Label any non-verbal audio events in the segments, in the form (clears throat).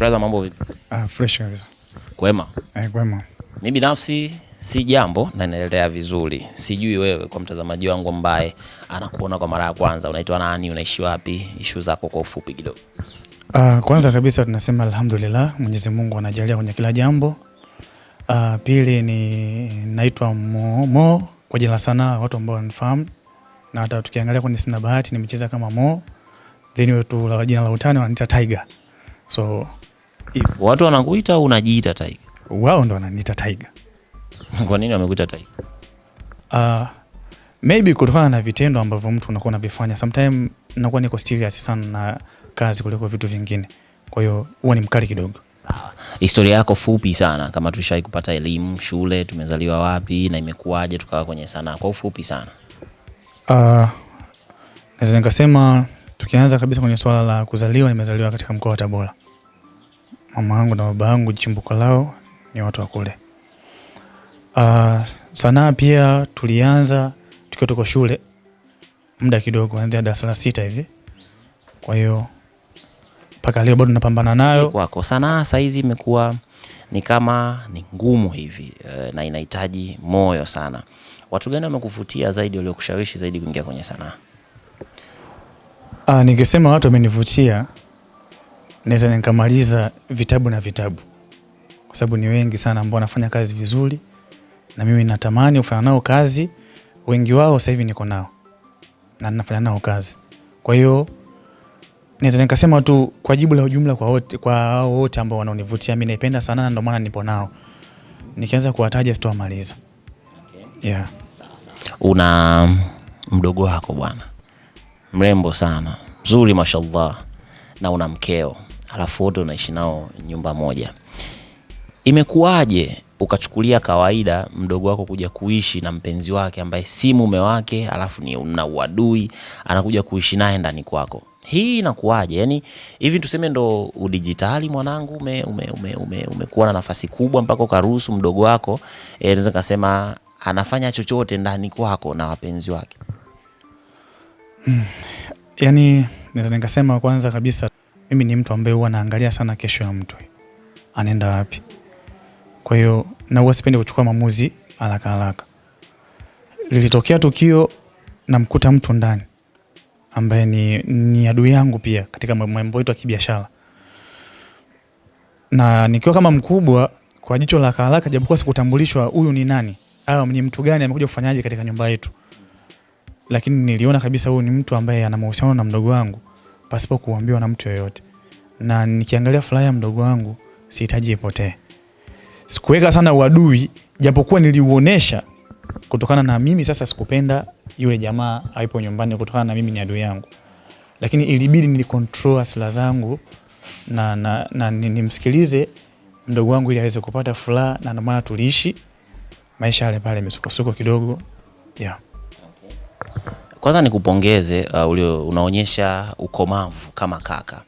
Brother, mambo vipi? Ah, fresh kabisa. Kwema. Eh, kwema. Mimi binafsi si jambo na inaendelea vizuri. Sijui wewe kwa mtazamaji wangu ambaye anakuona kwa mara ya kwanza, unaitwa nani? Unaishi wapi? Issue zako kwa ufupi kidogo. Ah, kwanza kabisa tunasema alhamdulillah, Mwenyezi Mungu anajalia kwenye kila jambo. Ah, pili ni naitwa Mo, Mo kwa jina la sanaa, watu ambao wanifahamu na hata tukiangalia kwenye Sina Bahati nimecheza kama Mo, then wetu la jina la utani wananiita Tiger. So Hivyo. Watu wanakuita au unajiita Tiger? Wao ndo wananiita Tiger. (laughs) Kwa nini wamekuita Tiger? Uh, maybe kutokana na vitendo ambavyo mtu unakuwa unavifanya. Sometimes nakuwa niko serious sana na kazi kuliko vitu vingine, kwa hiyo huwa ni mkali kidogo. Ah, historia yako fupi sana, kama tushawai kupata elimu shule, tumezaliwa wapi na imekuwaje tukawa kwenye sanaa, kwa ufupi sana. Uh, naweza nikasema tukianza kabisa kwenye swala la kuzaliwa, nimezaliwa katika mkoa wa Tabora mama yangu na baba yangu chimbuko lao ni watu wa kule. Uh, sanaa pia tulianza tukiwa tuko shule muda kidogo, kuanzia darasa la sita hivi. Kwa hiyo mpaka leo bado napambana nayo. Kwako sanaa saa imekuwa ni kama ni ngumu hivi eh, na inahitaji moyo sana. Watu gani wamekuvutia zaidi, waliokushawishi zaidi kuingia kwenye sanaa? Uh, ah, nikisema watu wamenivutia naweza nikamaliza vitabu na vitabu, kwa sababu ni wengi sana ambao wanafanya kazi vizuri, na mimi natamani kufanya nao kazi. Wengi wao sasa hivi niko nao na ninafanya nao kazi, kwa hiyo naweza nikasema tu kwa jibu la ujumla kwa wote, kwa hao wote ambao wanaonivutia mimi naipenda sana, na ndio maana nipo nao. Nikianza kuwataja okay. Yeah. Una mdogo wako bwana, mrembo sana, mzuri, mashallah, na una mkeo alafu wote unaishi nao nyumba moja. Imekuwaje ukachukulia kawaida mdogo wako kuja kuishi na mpenzi wake ambaye si mume wake, alafu ni una uadui, anakuja kuishi naye ndani kwako? Hii inakuwaje? Yani hivi tuseme ndo udijitali mwanangu, ume, ume, ume, ume, umekuwa na nafasi kubwa mpaka ukaruhusu mdogo wako e, eh, naweza kasema anafanya chochote ndani kwako na wapenzi wake? Hmm, yani naweza nikasema kwanza kabisa mimi ni mtu ambaye huwa naangalia sana kesho ya mtu anaenda wapi. Kwa hiyo na huwa sipendi kuchukua maamuzi haraka haraka. Lilitokea tukio namkuta mtu ndani ambaye ni, ni adui yangu pia katika mambo yetu ya kibiashara, na nikiwa kama mkubwa kwa jicho la haraka, japokuwa sikutambulishwa huyu ni nani au ni mtu gani amekuja kufanyaje katika nyumba yetu, lakini niliona kabisa huyu ni mtu ambaye ana mahusiano na mdogo wangu pasipo kuambiwa na mtu yoyote, na nikiangalia furaha ya mdogo wangu sihitaji ipotee. Sikuweka sana uadui, japokuwa niliuonesha kutokana na mimi sasa sikupenda yule jamaa aipo nyumbani, kutokana na mimi ni adui yangu, lakini ilibidi nilikontrol asila zangu na, na, na nimsikilize mdogo wangu ili aweze kupata furaha, na ndio maana tuliishi maisha yale pale, misukosuko kidogo yeah. Kwanza nikupongeze uh, ulio unaonyesha ukomavu kama kaka,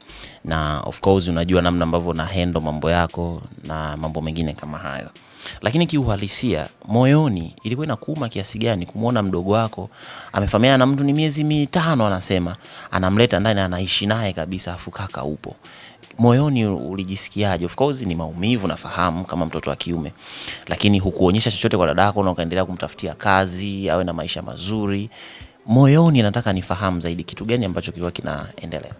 na of course unajua namna ambavyo na handle mambo yako na mambo mengine kama hayo, lakini kiuhalisia, moyoni ilikuwa inakuuma kiasi gani kumwona mdogo wako amefamiana na mtu ni miezi mitano, anasema anamleta ndani, anaishi naye kabisa, afu kaka upo moyoni ulijisikiaje? Of course ni maumivu nafahamu, kama mtoto wa kiume, lakini hukuonyesha chochote kwa dadako na ukaendelea kumtafutia kazi awe na maisha mazuri moyoni nataka nifahamu zaidi kitu gani ambacho kilikuwa kinaendelea.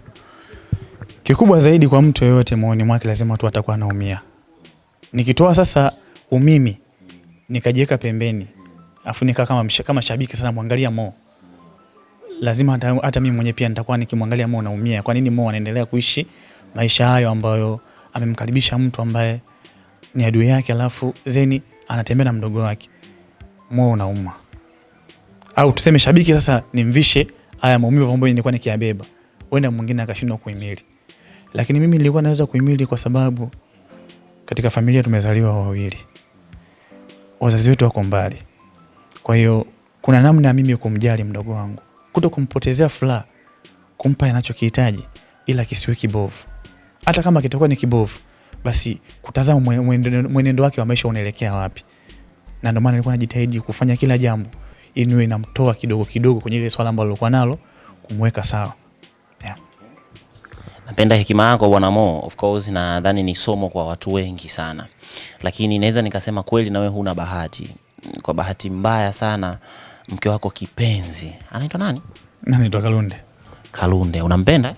Kikubwa zaidi kwa mtu yoyote, moyoni mwake lazima tu atakuwa anaumia. Nikitoa sasa umimi nikajiweka pembeni, afu nika kama, kama shabiki sana mwangalia Mo, lazima hata mimi mwenyewe pia nitakuwa nikimwangalia Mo naumia. Kwa nini Mo anaendelea kuishi maisha hayo ambayo amemkaribisha mtu ambaye ni adui yake, alafu zeni anatembea na mdogo wake? Mo unauma au tuseme shabiki sasa nimvishe haya maumivu ambayo nilikuwa nikiyabeba, wenda mwingine akashindwa kuhimili, lakini mimi nilikuwa naweza kuhimili kwa sababu katika familia tumezaliwa wawili, wazazi wetu wako mbali. Kwa hiyo kuna namna ya mimi kumjali mdogo wangu, kuto kumpotezea furaha, kumpa anachokihitaji, ila kisiwe kibovu. Hata kama kitakuwa ni kibovu, basi kutazama mwenendo wake wa maisha unaelekea wapi, na ndio maana nilikuwa najitahidi kufanya kila jambo inwe inamtoa kidogo kidogo kwenye ile swala ambalo alikuwa nalo kumweka sawa. penda hekima yako Bwana Mo, of course nadhani ni somo kwa watu wengi sana, lakini naweza nikasema kweli nawe huna bahati. Kwa bahati mbaya sana mke wako kipenzi anaitwa nani? Anaitwa Kalunde. Kalunde unampenda?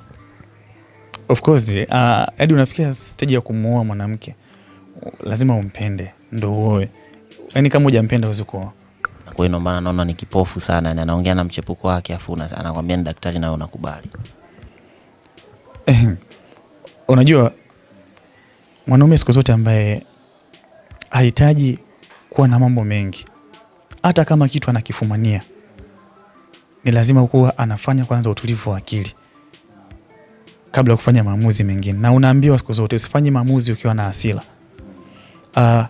Of course hadi uh, unafikia stage ya kumuoa mwanamke lazima umpende ndo uoe, Yani kama hujampenda huwezi kuoa. Kwa hiyo maana naona ni kipofu sana, yani anaongea na mchepuko wake afu anakwambia ni daktari nawe unakubali. (clears throat) Unajua mwanaume siku zote ambaye hahitaji kuwa na mambo mengi, hata kama kitu anakifumania, ni lazima kuwa anafanya kwanza utulivu wa akili kabla ya kufanya maamuzi mengine, na unaambiwa siku zote usifanye maamuzi ukiwa na asila Uh, ah,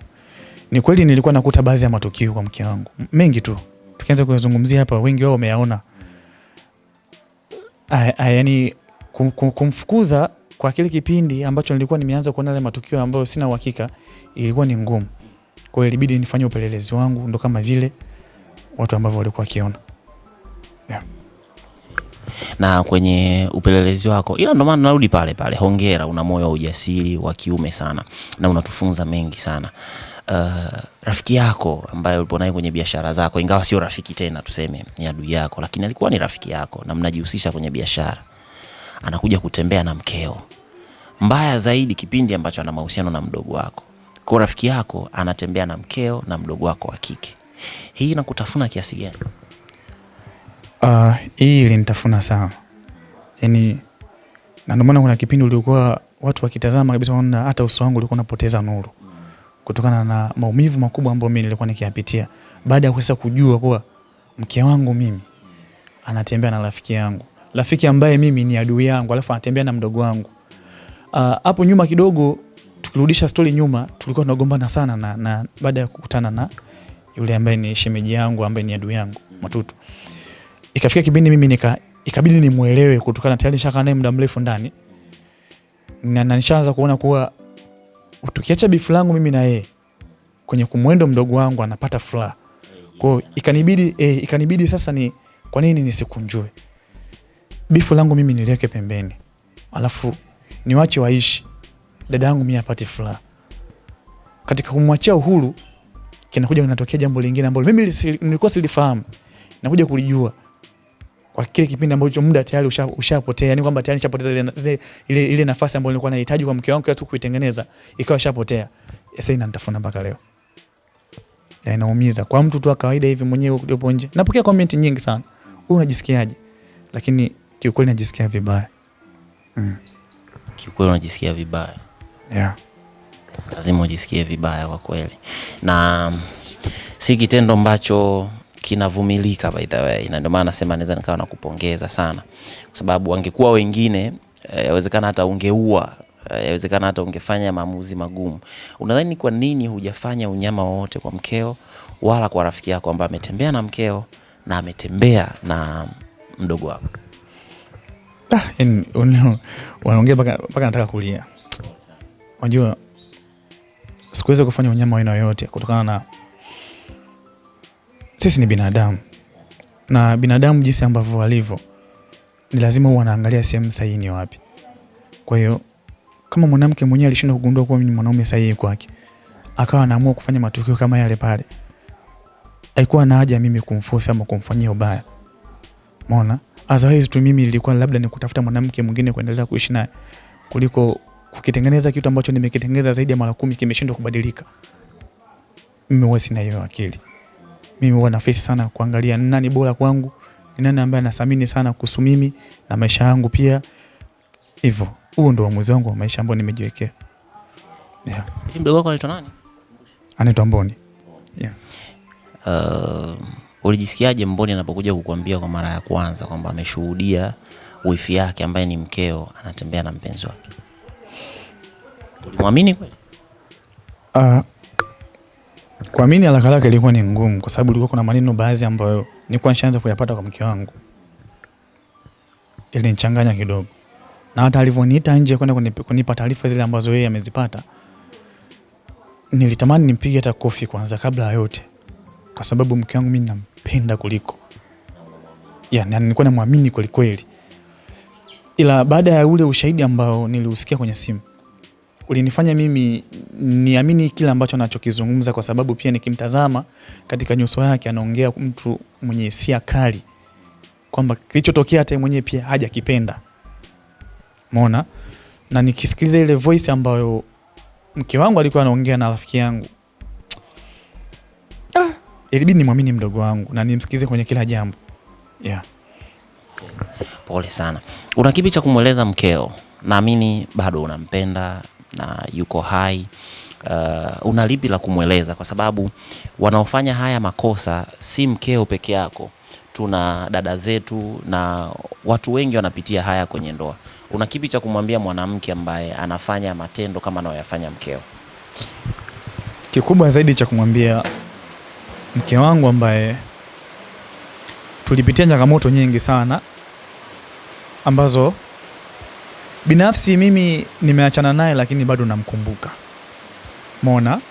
ni kweli nilikuwa nakuta baadhi ya matukio kwa mke wangu mengi tu, tukianza kuyazungumzia hapa, wengi wao wameyaona. Yani kum, kum, kumfukuza kwa kile kipindi ambacho nilikuwa nimeanza kuona yale matukio ambayo sina uhakika, ilikuwa ni ngumu. Kwa hiyo ilibidi nifanye upelelezi wangu, ndo kama vile watu ambavyo walikuwa wakiona yeah. Na kwenye upelelezi wako, ila ndo maana narudi pale pale, hongera, una moyo wa ujasiri wa kiume sana na unatufunza mengi sana uh, rafiki yako ambaye ulipo naye kwenye biashara zako, ingawa sio rafiki tena, tuseme ni adui yako, lakini alikuwa ni rafiki yako na mnajihusisha kwenye biashara, anakuja kutembea na mkeo, mbaya zaidi kipindi ambacho ana mahusiano na mdogo wako. Kwa rafiki yako anatembea na mkeo na mdogo wako wa kike, hii inakutafuna kiasi gani? Uh, hii ilinitafuna sana yani, na ndio maana kuna kipindi ulikuwa watu wakitazama kabisa, hata uso wangu ulikuwa unapoteza nuru kutokana na maumivu makubwa ambayo mimi nilikuwa nikiyapitia, baada ya kuweza kujua kuwa mke wangu mimi anatembea na rafiki yangu, rafiki ambaye mimi ni adui yangu, alafu anatembea na mdogo wangu. Ah, hapo uh, nyuma kidogo, tukirudisha stori nyuma, tulikuwa tunagombana sana na, na baada ya kukutana na yule ambaye ni shemeji yangu ambaye ni adui yangu Matutu, ikafika kipindi mimi nika ikabidi nimwelewe kutokana tayari nishakaa naye muda mrefu ndani na nishaanza kuona kuwa tukiacha bifu langu mimi na yeye kwenye kumwendo mdogo wangu anapata furaha. Kwa hiyo ikanibidi, eh, ikanibidi sasa ni kwa nini nisikunjue bifu langu mimi niliweke pembeni, alafu niwache waishi, dada yangu mimi apate furaha. Katika kumwachia uhuru, kinakuja kinatokea jambo lingine ambalo mimi nilikuwa silifahamu, nakuja kulijua kwa kile kipindi ambacho muda tayari ushapotea, yani kwamba tayari nishapoteza ile, ile, ile nafasi ambayo nilikuwa nahitaji kwa mke wangu kila siku kuitengeneza, ikawa shapotea. Sasa inanitafuna mpaka leo na yaani inaumiza kwa mtu tu wa kawaida hivi mwenyewe ulipo nje. Napokea comment nyingi sana, wewe unajisikiaje? Lakini kiukweli najisikia vibaya mm. Kiukweli unajisikia vibaya yeah. Lazima ujisikie vibaya kwa kweli, na si kitendo ambacho kinavumilika by the way, na ndio maana nasema naweza nikawa nakupongeza sana, kwa sababu wangekuwa wengine eh, yawezekana hata ungeua, eh, yawezekana hata ungefanya maamuzi magumu. Unadhani kwa nini hujafanya unyama wowote kwa mkeo wala kwa rafiki yako ambaye ametembea na mkeo na ametembea na mdogo wako? Ah, wanaongea mpaka nataka kulia. Unajua, sikuweza kufanya unyama aina yoyote kutokana na sisi ni binadamu na binadamu jinsi ambavyo walivyo ni lazima huwa anaangalia sehemu sahihi ni wapi. Kwa hiyo kama mwanamke mwenyewe alishinda kugundua kuwa mimi ni mwanaume sahihi kwake, akawa anaamua kufanya matukio kama yale pale, haikuwa na haja mimi kumforce ama kumfanyia ubaya. Umeona, otherwise tu mimi ilikuwa labda ni kutafuta mwanamke mwingine kuendelea kuishi naye kuliko kukitengeneza kitu ambacho nimekitengeneza zaidi ya mara kumi kimeshindwa kubadilika. Mimi huwa sina hiyo akili mimi huwa nafesi sana kuangalia nani bora kwangu, ni nani ambaye anathamini sana kuhusu mimi na maisha yangu pia. Hivyo huo ndo uamuzi wangu wa maisha ambao nimejiwekea. Yeah. Mdogo wako anaitwa nani? Anaitwa Mboni. Yeah. Uh, ulijisikiaje Mboni anapokuja kukuambia kwa mara ya kwanza kwamba ameshuhudia wifi yake ambaye ni mkeo anatembea na mpenzi wake? Ulimwamini kweli? Uh, Kuamini haraka haraka ilikuwa ni ngumu, kwa sababu ilikuwa kuna maneno baadhi ambayo nilikuwa nishaanza kuyapata kwa mke wangu, nichanganya kidogo, na hata alivyoniita nje kwenda kunipa taarifa zile ambazo yeye amezipata, nilitamani nimpige hata kofi kwanza kabla ya yote, kwa sababu mke wangu mimi nampenda kuliko ya, nilikuwa namwamini kwelikweli, ila baada ya ule ushahidi ambao niliusikia kwenye simu ulinifanya mimi niamini kile ambacho anachokizungumza, kwa sababu pia nikimtazama katika nyuso yake anaongea mtu mwenye hisia kali, kwamba kilichotokea hata mwenyewe pia hajakipenda mona. Na nikisikiliza ile voice ambayo mke wangu alikuwa anaongea na rafiki yangu, ah, ilibidi nimwamini mdogo wangu na nimsikilize kwenye kila jambo yeah. Pole sana. Una kipi cha kumweleza mkeo? Naamini bado unampenda na yuko hai uh, una lipi la kumweleza, kwa sababu wanaofanya haya makosa si mkeo peke yako, tuna dada zetu na watu wengi wanapitia haya kwenye ndoa. Una kipi cha kumwambia mwanamke ambaye anafanya matendo kama anayoyafanya mkeo? Kikubwa zaidi cha kumwambia mke wangu ambaye tulipitia changamoto nyingi sana ambazo Binafsi mimi nimeachana naye, lakini bado namkumbuka mona,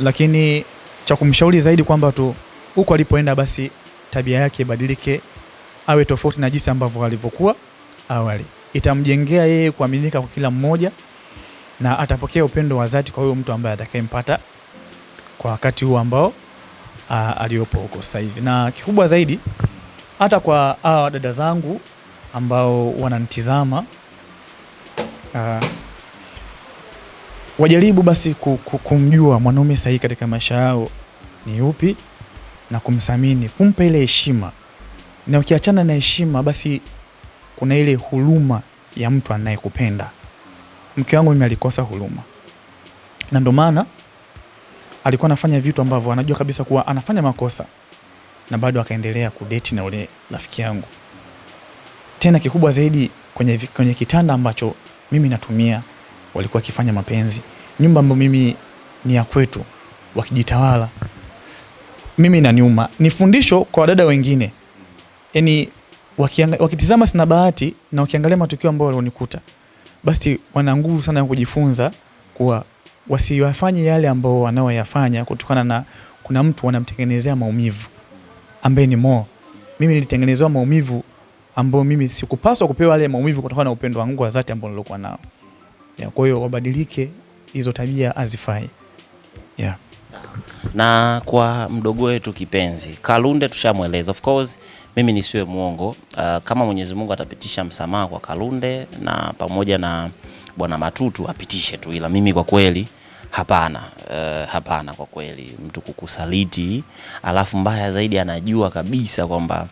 lakini cha kumshauri zaidi kwamba tu huko alipoenda, basi tabia yake ibadilike, awe tofauti na jinsi ambavyo alivyokuwa awali. Itamjengea yeye kuaminika kwa kila mmoja na atapokea upendo wa zati kwa huyo mtu ambaye atakayempata kwa wakati huu ambao aliyopo huko sasa hivi. Na kikubwa zaidi hata kwa hawa dada zangu ambao wanantizama uh, wajaribu basi kumjua mwanaume sahihi katika maisha yao ni upi na kumsamini, kumpa ile heshima, na ukiachana na heshima, basi kuna ile huruma ya mtu anayekupenda. Mke wangu mimi alikosa huruma, na ndo maana alikuwa anafanya vitu ambavyo anajua kabisa kuwa anafanya makosa, na bado akaendelea kudeti na ule rafiki yangu. Tena kikubwa zaidi kwenye, kwenye kitanda ambacho mimi natumia, walikuwa wakifanya mapenzi. Nyumba ambayo mimi ni ya kwetu, wakijitawala, mimi nyuma Ni fundisho kwa wadada wengine, yani wakitizama sina bahati na wakiangalia matukio ambayo walionikuta, basi wana nguvu sana ya kujifunza kuwa wasiwafanye yale ambao wanaoyafanya, kutokana na kuna mtu wanamtengenezea maumivu ambaye ni Mo. Mimi nilitengenezewa maumivu ambao mimi sikupaswa kupewa yale maumivu kutokana na upendo wangu wa dhati ambao nilikuwa nao. Kwa hiyo wabadilike, hizo tabia azifai. Yeah. Na kwa mdogo wetu kipenzi Kalunde tushamweleza. Of course mimi nisiwe mwongo, uh, kama Mwenyezi Mungu atapitisha msamaha kwa Kalunde na pamoja na Bwana Matutu apitishe tu, ila mimi kwa kweli hapana, uh, hapana kwa kweli mtu kukusaliti, alafu mbaya zaidi anajua kabisa kwamba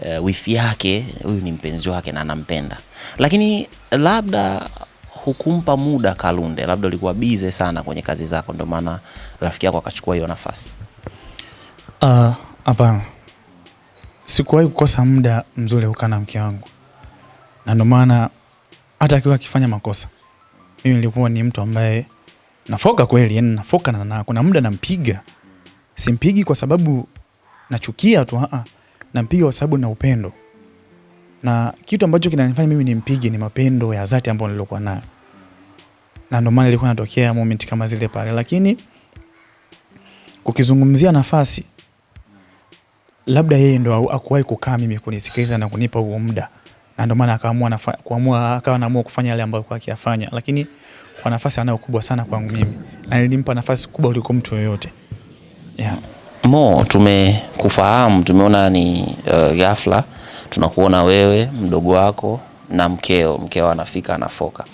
uh, wifi yake huyu ni mpenzi wake na anampenda, lakini labda hukumpa muda Kalunde, labda ulikuwa bize sana kwenye kazi zako, ndio maana rafiki yako akachukua hiyo nafasi. Ah, hapana, uh, sikuwahi kukosa muda mzuri kukaa na mke wangu, na ndio maana hata akiwa akifanya makosa, mimi nilikuwa ni mtu ambaye nafoka kweli, yani nafoka na, na kuna muda nampiga, simpigi kwa sababu nachukia tu, a ah, ah nampiga kwa sababu na upendo, na kitu ambacho kinanifanya mimi nimpige ni mapendo ya dhati ambayo nilikuwa nayo, na ndio maana ilikuwa natokea moment kama zile pale. Lakini kukizungumzia nafasi, labda yeye ndo akuwahi kukaa mimi kunisikiliza na kunipa huo muda, na ndio maana akaamua kuamua akawa naamua kufanya yale ambayo kwa akiyafanya, lakini kwa nafasi anayo kubwa sana kwangu mimi, na nilimpa nafasi kubwa kuliko mtu yoyote yeah. Mo, tumekufahamu, tumeona ni uh, ghafla tunakuona wewe mdogo wako na mkeo, mkeo anafika anafoka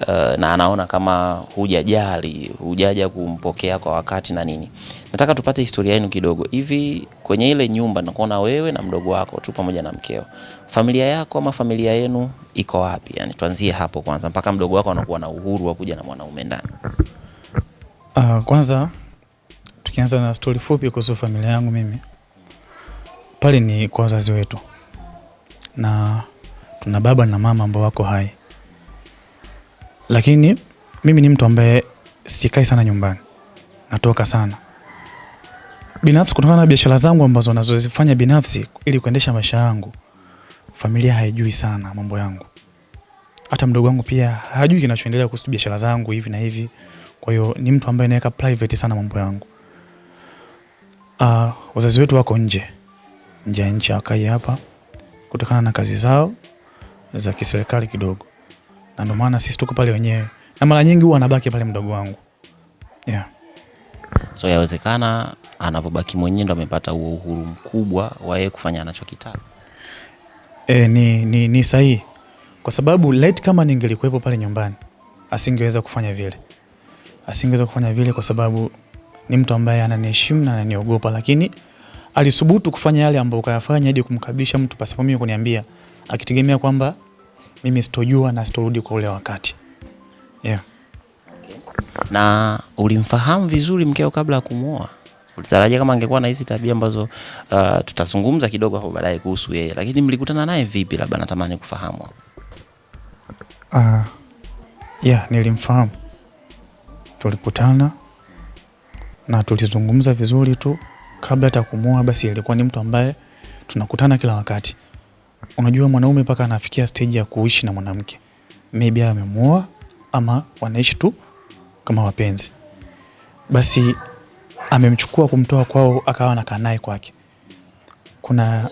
uh, na anaona kama hujajali, hujaja kumpokea kwa wakati na nini. Nataka tupate historia yenu kidogo. Hivi kwenye ile nyumba nakuona wewe na mdogo wako tu pamoja na mkeo, familia yako ama familia yenu iko wapi? Yani tuanzie hapo kwanza, mpaka mdogo wako anakuwa na uhuru wa kuja na mwanaume ndani. Uh, kwanza tukianza na stori fupi kuhusu familia yangu mimi, pale ni kwa wazazi wetu, na tuna baba na mama ambao wako hai, lakini mimi ni mtu ambaye sikai sana nyumbani, natoka sana binafsi kutokana na biashara zangu ambazo nazozifanya binafsi ili kuendesha maisha yangu. Familia haijui sana mambo yangu, hata mdogo wangu pia hajui kinachoendelea kuhusu biashara zangu hivi na hivi. Kwa hiyo ni mtu ambaye naweka private sana mambo yangu. Uh, wazazi wetu wako nje nje ya nchi, akai hapa kutokana na kazi zao za kiserikali kidogo, na ndio maana sisi tuko pale wenyewe, na mara nyingi huwa anabaki pale mdogo wangu yeah. So yawezekana anavyobaki mwenyewe ndo amepata huo uhuru mkubwa wa yeye kufanya anachokitaka. E, ni, ni, ni sahihi kwa sababu laiti kama ningelikuwepo pale nyumbani asingeweza kufanya vile, asingeweza kufanya vile kwa sababu ni mtu ambaye ananiheshimu na ananiogopa, lakini alisubutu kufanya yale ambayo ukayafanya hadi kumkaribisha mtu pasipo mimi kuniambia, akitegemea kwamba mimi sitojua na sitorudi kwa ule wakati yeah. Okay. Na ulimfahamu vizuri mkeo kabla ya kumwoa? Ulitarajia kama angekuwa na hizi tabia ambazo uh, tutazungumza kidogo hapo baadaye kuhusu yeye, lakini mlikutana naye vipi? Labda natamani kufahamu. Uh, yeah, nilimfahamu, tulikutana na tulizungumza vizuri tu kabla hata kumwoa Basi alikuwa ni mtu ambaye tunakutana kila wakati. Unajua mwanaume mpaka anafikia stage ya kuishi na mwanamke, maybe amemuoa ama wanaishi tu kama wapenzi. Basi amemchukua kumtoa kwao, akawa anakaa naye kwake. Kuna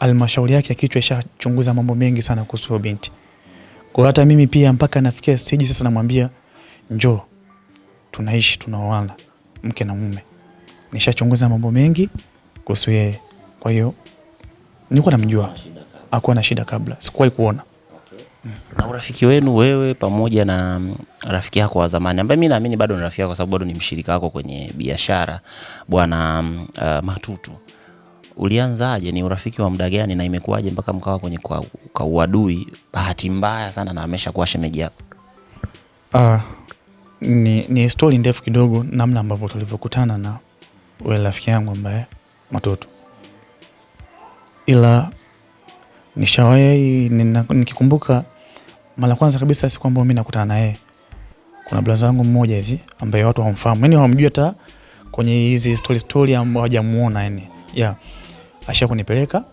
almashauri yake ya kichwa ishachunguza mambo mengi sana kuhusu binti. Kwa hata mimi pia mpaka nafikia stage sasa namwambia njoo tunaishi tunaoana mke na mume, nishachunguza mambo mengi kuhusu yeye. Kwa hiyo nilikuwa namjua, akuwa na shida kabla, sikuwahi kuona na urafiki wenu wewe pamoja na mm, rafiki yako wa zamani ambaye mi naamini bado ni rafiki yako, kwa sababu bado ni mshirika wako kwenye biashara, bwana mm, uh, Matutu, ulianzaje? Ni urafiki wa muda gani na imekuwaje mpaka mkawa kwenye kwa, kwa uadui bahati mbaya sana na ameshakuwa shemeji yako? uh, ni, ni stori ndefu kidogo, namna ambavyo tulivyokutana na wewe rafiki yangu ambaye Matoto, ila nishawai nikikumbuka mara kwanza kabisa, si kwamba mi nakutana naye, kuna blaza wangu mmoja hivi ambaye watu wamfahamu yani wamjua hata kwenye hizi story story ambao hawajamuona yani, yeah, asha kunipeleka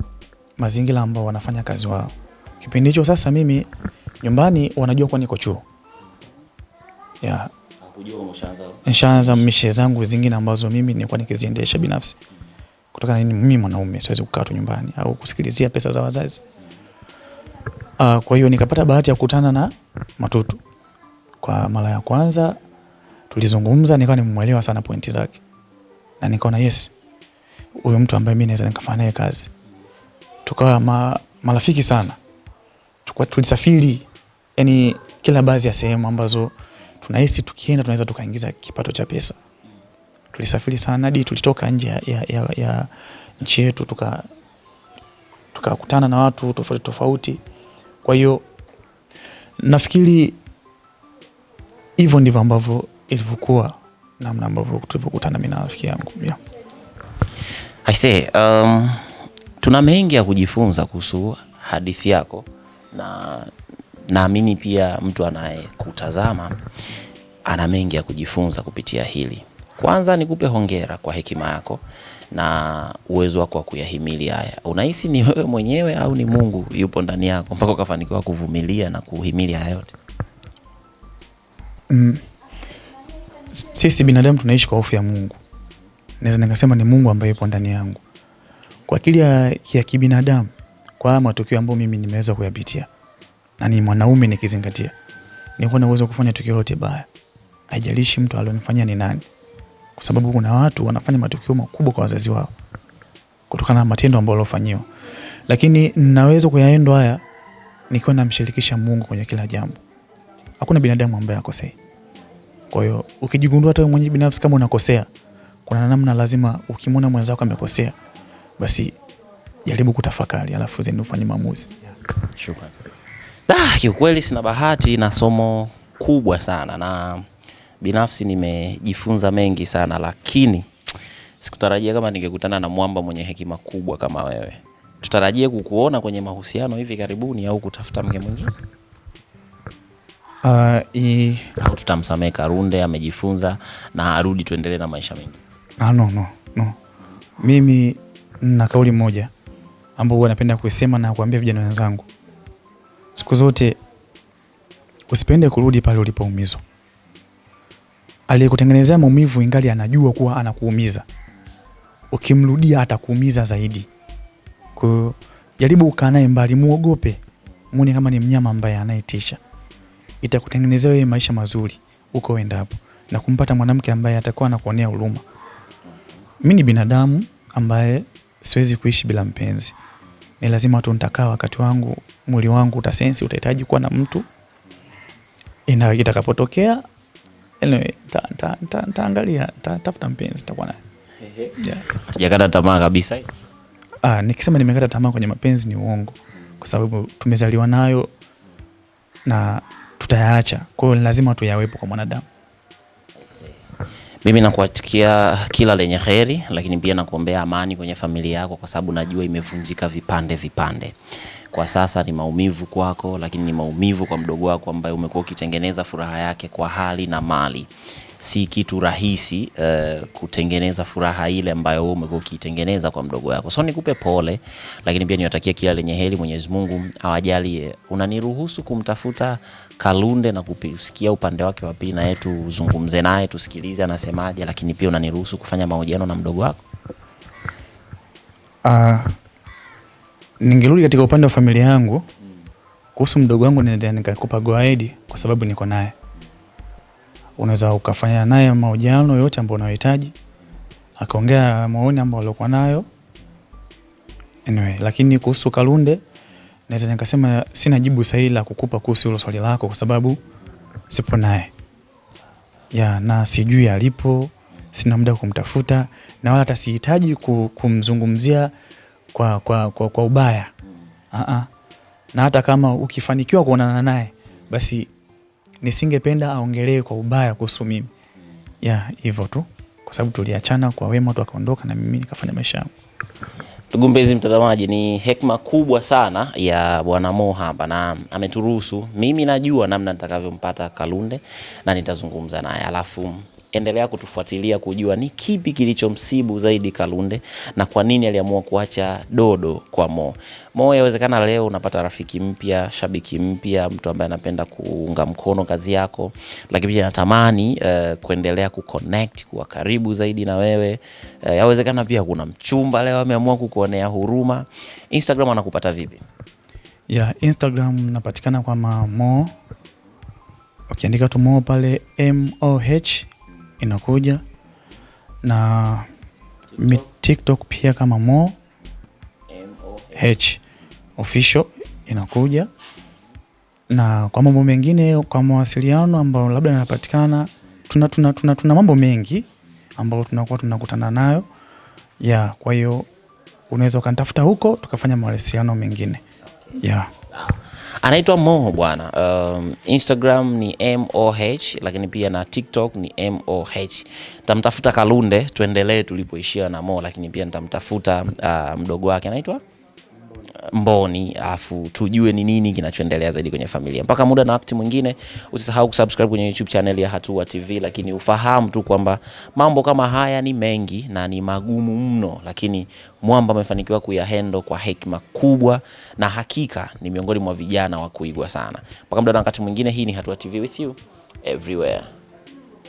mazingira ambao wanafanya kazi wao kipindi hicho. Sasa mimi nyumbani wanajua kwa niko chuo yeah. Nishaanza mishe zangu zingine ambazo mimi nikuwa nikiziendesha binafsi kutokana nini, mimi mwanaume siwezi kukaa tu nyumbani au kusikilizia pesa za wazazi. Uh, kwa hiyo nikapata bahati ya kukutana na Matutu kwa mara ya kwanza, tulizungumza nikawa nimemwelewa sana pointi zake, na nikaona yes, huyu mtu ambaye mi naweza nikafanya naye kazi. Tukawa ma, marafiki sana, tulisafiri yani kila baadhi ya sehemu ambazo tunahisi tukienda tunaweza tukaingiza kipato cha pesa. Tulisafiri sana hadi tulitoka nje ya, ya, ya, ya nchi yetu tukakutana tuka na watu tofauti tofauti. Kwa hiyo nafikiri hivyo ndivyo ambavyo ilivyokuwa namna ambavyo tulivyokutana mimi na rafiki yangu I say, um, tuna mengi ya kujifunza kuhusu hadithi yako na naamini pia mtu anayekutazama ana mengi ya kujifunza kupitia hili. Kwanza nikupe hongera kwa hekima yako na uwezo wako wa kuyahimili haya. Unahisi ni wewe mwenyewe au ni Mungu yupo ndani yako mpaka ukafanikiwa kuvumilia na kuhimili haya yote? Mm. Sisi binadamu tunaishi kwa hofu ya Mungu. Naweza nikasema ni Mungu ambaye yupo ndani yangu. Kwa akili ya, ya kibinadamu, kwa matukio ambayo mimi nimeweza kuyapitia, nani mwanaume nikizingatia, nikuwa na uwezo kufanya tukio lote baya, aijalishi mtu alionifanyia ni nani, kwa sababu kuna watu wanafanya matukio makubwa kwa wazazi wao kutokana na matendo ambayo waliofanyiwa, lakini naweza kuyaendwa haya nikiwa namshirikisha Mungu kwenye kila jambo. Hakuna binadamu ambaye akosei. Kwa hiyo ukijigundua hata mwenye binafsi kama unakosea, kuna namna lazima, ukimwona mwenzako amekosea, basi jaribu kutafakari, alafu zeni ufanye maamuzi. Shukrani. Ah, kiukweli sina bahati na somo kubwa sana na binafsi nimejifunza mengi sana lakini sikutarajia kama ningekutana na mwamba mwenye hekima kubwa kama wewe. Tutarajie kukuona kwenye mahusiano hivi karibuni au kutafuta mke mwingine? Uh, i... au tutamsamehe Karunde, amejifunza na arudi, tuendelee na maisha mengi. Ah, no, no, no. Mimi na kauli moja ambayo huwa napenda kuisema na kuambia vijana wenzangu Siku zote usipende kurudi pale ulipoumizwa. Aliyekutengenezea maumivu ingali anajua kuwa anakuumiza, ukimrudia atakuumiza zaidi. Kwa hiyo jaribu ukaa naye mbali, muogope, muone kama ni mnyama ambaye anayetisha. Itakutengenezea wewe maisha mazuri uko endapo na kumpata mwanamke ambaye atakuwa anakuonea huruma. Mimi ni binadamu ambaye siwezi kuishi bila mpenzi ni lazima tu nitakaa wakati wangu, mwili wangu utasensi, utahitaji kuwa na mtu inayo kitakapotokea. Anyway, ntaangalia tafuta mpenzi takuwa naye. yeah. tamaa kabisa. Ah, nikisema nimekata tamaa kwenye mapenzi ni uongo, kwa sababu tumezaliwa nayo na tutayaacha, kwahiyo ni lazima tuyawepo kwa mwanadamu. Mimi nakuatikia kila lenye heri, lakini pia nakuombea amani kwenye familia yako, kwa sababu najua imevunjika vipande vipande. Kwa sasa ni maumivu kwako, lakini ni maumivu kwa mdogo wako ambaye umekuwa ukitengeneza furaha yake kwa hali na mali si kitu rahisi uh, kutengeneza furaha ile ambayo wewe umekuwa ukitengeneza kwa mdogo wako. So nikupe pole, lakini pia niwatakia kila lenye heri. Mwenyezi Mungu awajalie. Unaniruhusu kumtafuta Kalunde na kusikia upande wake wa pili, naye tuzungumze naye, tusikilize anasemaje, lakini pia unaniruhusu kufanya mahojiano na mdogo wako? Uh, ah, ningerudi katika upande wa familia yangu kuhusu mdogo wangu, nikakupa go ahead kwa sababu niko naye unaweza ukafanya naye mahojiano yote ambayo unayohitaji, akaongea maoni ambayo alikuwa nayo anyway. Lakini kuhusu Kalunde naweza nikasema sina jibu sahihi la kukupa kuhusu hilo swali lako, kwa sababu sipo naye ya na sijui alipo, sina muda kumtafuta na wala hata sihitaji kumzungumzia kwa, kwa, kwa, kwa ubaya. -uh. na hata kama ukifanikiwa kuonana naye basi nisingependa aongelee kwa ubaya kuhusu mimi ya hivyo tu, kwa sababu tuliachana kwa wema, watu wakaondoka na mimi nikafanya maisha yangu. Ndugu mpenzi mtazamaji, ni hekma kubwa sana ya Bwana Mo hapa, na ameturuhusu mimi najua namna nitakavyompata Kalunde na nitazungumza naye alafu endelea kutufuatilia kujua ni kipi kilichomsibu zaidi Kalunde na kwa nini aliamua kuacha dodo kwa Mo. Mo, yawezekana leo unapata rafiki mpya, shabiki mpya, mtu ambaye anapenda kuunga mkono kazi yako, lakini pia anatamani uh, eh, kuendelea kuconnect, kuwa karibu zaidi na wewe. Uh, yawezekana pia kuna mchumba leo ameamua kukuonea huruma. Instagram anakupata vipi? Yeah, Instagram napatikana kwa Mo, ukiandika tu Mo pale M O H inakuja na TikTok, pia kama Mo H official inakuja, na kwa mambo mengine kwa mawasiliano ambayo labda yanapatikana, tuna, tuna, tuna, tuna mambo mengi ambayo tunakuwa tunakutana nayo ya Kwa hiyo unaweza ukantafuta huko tukafanya mawasiliano mengine ya yeah. Anaitwa Moh bwana. Um, Instagram ni Moh, lakini pia na TikTok ni Moh. Nitamtafuta Kalunde, tuendelee tulipoishia na Moh, lakini pia nitamtafuta uh, mdogo wake anaitwa Mboni afu tujue ni nini kinachoendelea zaidi kwenye familia. Mpaka muda na wakati mwingine, usisahau kusubscribe kwenye YouTube channel ya Hatua TV, lakini ufahamu tu kwamba mambo kama haya ni mengi na ni magumu mno, lakini Mwamba amefanikiwa kuyahendo kwa hekima kubwa, na hakika ni miongoni mwa vijana wa kuigwa sana. Mpaka muda na wakati mwingine, hii ni Hatua TV with you everywhere.